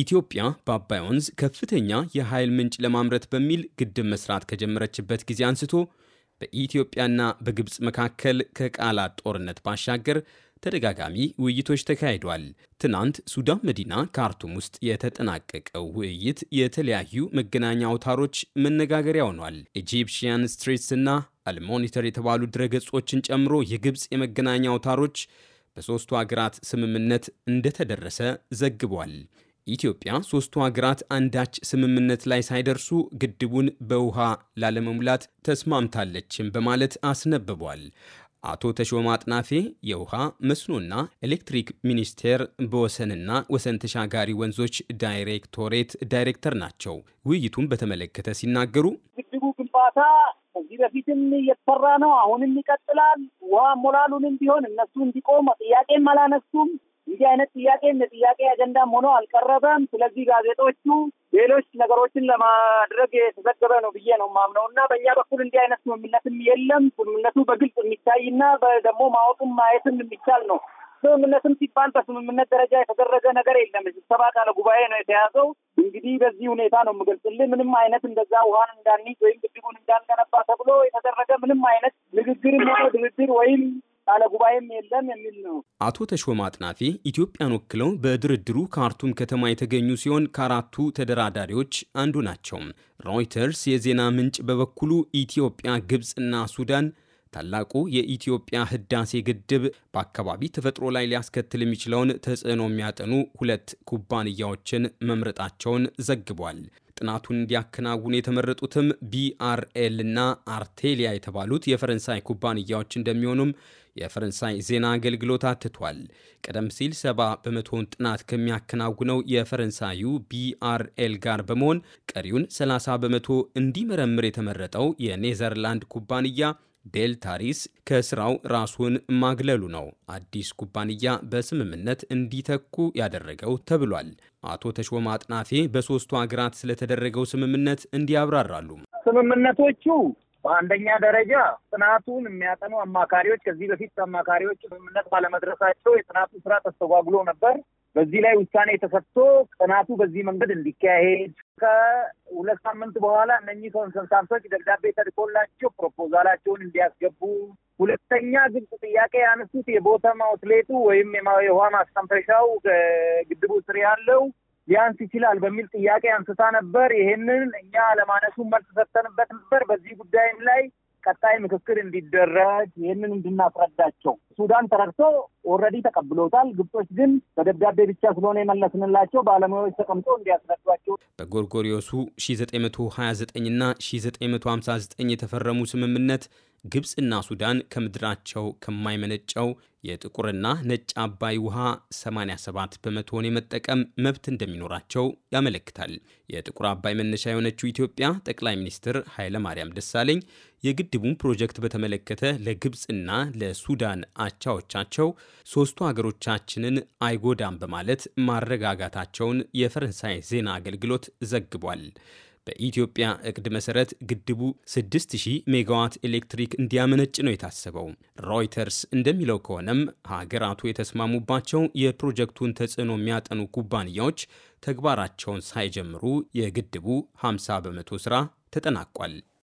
ኢትዮጵያ በአባይ ወንዝ ከፍተኛ የኃይል ምንጭ ለማምረት በሚል ግድብ መስራት ከጀመረችበት ጊዜ አንስቶ በኢትዮጵያና በግብፅ መካከል ከቃላት ጦርነት ባሻገር ተደጋጋሚ ውይይቶች ተካሂዷል። ትናንት ሱዳን መዲና ካርቱም ውስጥ የተጠናቀቀው ውይይት የተለያዩ መገናኛ አውታሮች መነጋገሪያ ሆኗል። ኢጂፕሽያን ስትሪትስ እና አልሞኒተር የተባሉ ድረገጾችን ጨምሮ የግብፅ የመገናኛ አውታሮች በሦስቱ አገራት ስምምነት እንደተደረሰ ዘግቧል። ኢትዮጵያ ሶስቱ ሀገራት አንዳች ስምምነት ላይ ሳይደርሱ ግድቡን በውሃ ላለመሙላት ተስማምታለችም በማለት አስነብቧል። አቶ ተሾማ አጥናፌ የውሃ መስኖና ኤሌክትሪክ ሚኒስቴር በወሰንና ወሰን ተሻጋሪ ወንዞች ዳይሬክቶሬት ዳይሬክተር ናቸው። ውይይቱን በተመለከተ ሲናገሩ ግድቡ ግንባታ ከዚህ በፊትም እየተሰራ ነው፣ አሁንም ይቀጥላል። ውሃ ሞላሉንም ቢሆን እነሱ እንዲቆም ጥያቄም አላነሱም። እንዲህ አይነት ጥያቄ እንደ ጥያቄ አጀንዳም ሆኖ አልቀረበም። ስለዚህ ጋዜጦቹ ሌሎች ነገሮችን ለማድረግ የተዘገበ ነው ብዬ ነው ማምነው እና በእኛ በኩል እንዲህ አይነት ስምምነትም የለም። ስምምነቱ በግልጽ የሚታይና ደግሞ ማወቅም ማየትም የሚቻል ነው። ስምምነትም ሲባል በስምምነት ደረጃ የተደረገ ነገር የለም። ስብሰባ ቃለ ጉባኤ ነው የተያዘው። እንግዲህ በዚህ ሁኔታ ነው የምገልጽልህ። ምንም አይነት እንደዛ ውሃን እንዳንይዝ ወይም ግድቡን እንዳንገነባ ተብሎ የተደረገ ምንም አይነት ንግግርም ሆነ ድርድር ወይም ባለ ጉባኤም የለም የሚል ነው። አቶ ተሾመ አጥናፌ ኢትዮጵያን ወክለው በድርድሩ ካርቱም ከተማ የተገኙ ሲሆን ከአራቱ ተደራዳሪዎች አንዱ ናቸው። ሮይተርስ የዜና ምንጭ በበኩሉ ኢትዮጵያ፣ ግብፅና ሱዳን ታላቁ የኢትዮጵያ ህዳሴ ግድብ በአካባቢ ተፈጥሮ ላይ ሊያስከትል የሚችለውን ተጽዕኖ የሚያጠኑ ሁለት ኩባንያዎችን መምረጣቸውን ዘግቧል። ጥናቱን እንዲያከናውኑ የተመረጡትም ቢአርኤል እና አርቴሊያ የተባሉት የፈረንሳይ ኩባንያዎች እንደሚሆኑም የፈረንሳይ ዜና አገልግሎት አትቷል። ቀደም ሲል ሰባ በመቶውን ጥናት ከሚያከናውነው የፈረንሳዩ ቢአርኤል ጋር በመሆን ቀሪውን 30 በመቶ እንዲመረምር የተመረጠው የኔዘርላንድ ኩባንያ ዴልታሪስ ከስራው ራሱን ማግለሉ ነው አዲስ ኩባንያ በስምምነት እንዲተኩ ያደረገው ተብሏል። አቶ ተሾማ አጥናፌ በሶስቱ ሀገራት ስለተደረገው ስምምነት እንዲያብራራሉ። ስምምነቶቹ በአንደኛ ደረጃ ጥናቱን የሚያጠኑ አማካሪዎች ከዚህ በፊት አማካሪዎች ስምምነት ባለመድረሳቸው የጥናቱ ስራ ተስተጓጉሎ ነበር። በዚህ ላይ ውሳኔ ተሰጥቶ ጥናቱ በዚህ መንገድ እንዲካሄድ ከሁለት ሳምንት በኋላ እነኚህ ኮንሰልታንቶች ደብዳቤ ተልኮላቸው ፕሮፖዛላቸውን እንዲያስገቡ፣ ሁለተኛ ግብጽ ጥያቄ ያነሱት የቦተም አውትሌቱ ወይም የውሃ ማስተንፈሻው ግድቡ ስር ያለው ሊያንስ ይችላል በሚል ጥያቄ አንስታ ነበር። ይሄንን እኛ ለማነሱ መልስ ሰጥተንበት ነበር። በዚህ ጉዳይም ላይ ቀጣይ ምክክር እንዲደረግ ይህንን እንድናስረዳቸው ሱዳን ተረድቶ ኦልሬዲ ተቀብሎታል። ግብጾች ግን በደብዳቤ ብቻ ስለሆነ የመለስንላቸው ባለሙያዎች ተቀምጦ እንዲያስረዷቸው በጎርጎሪዮሱ 1929ና 1959 የተፈረሙ ስምምነት ግብፅና ሱዳን ከምድራቸው ከማይመነጨው የጥቁርና ነጭ አባይ ውሃ 87 በመቶውን የመጠቀም መብት እንደሚኖራቸው ያመለክታል። የጥቁር አባይ መነሻ የሆነችው ኢትዮጵያ ጠቅላይ ሚኒስትር ኃይለማርያም ደሳለኝ የግድቡን ፕሮጀክት በተመለከተ ለግብፅና ለሱዳን አቻዎቻቸው ሶስቱ ሀገሮቻችንን አይጎዳም በማለት ማረጋጋታቸውን የፈረንሳይ ዜና አገልግሎት ዘግቧል። በኢትዮጵያ እቅድ መሰረት ግድቡ 6000 ሜጋዋት ኤሌክትሪክ እንዲያመነጭ ነው የታሰበው። ሮይተርስ እንደሚለው ከሆነም ሀገራቱ የተስማሙባቸው የፕሮጀክቱን ተጽዕኖ የሚያጠኑ ኩባንያዎች ተግባራቸውን ሳይጀምሩ የግድቡ 50 በመቶ ስራ ተጠናቋል።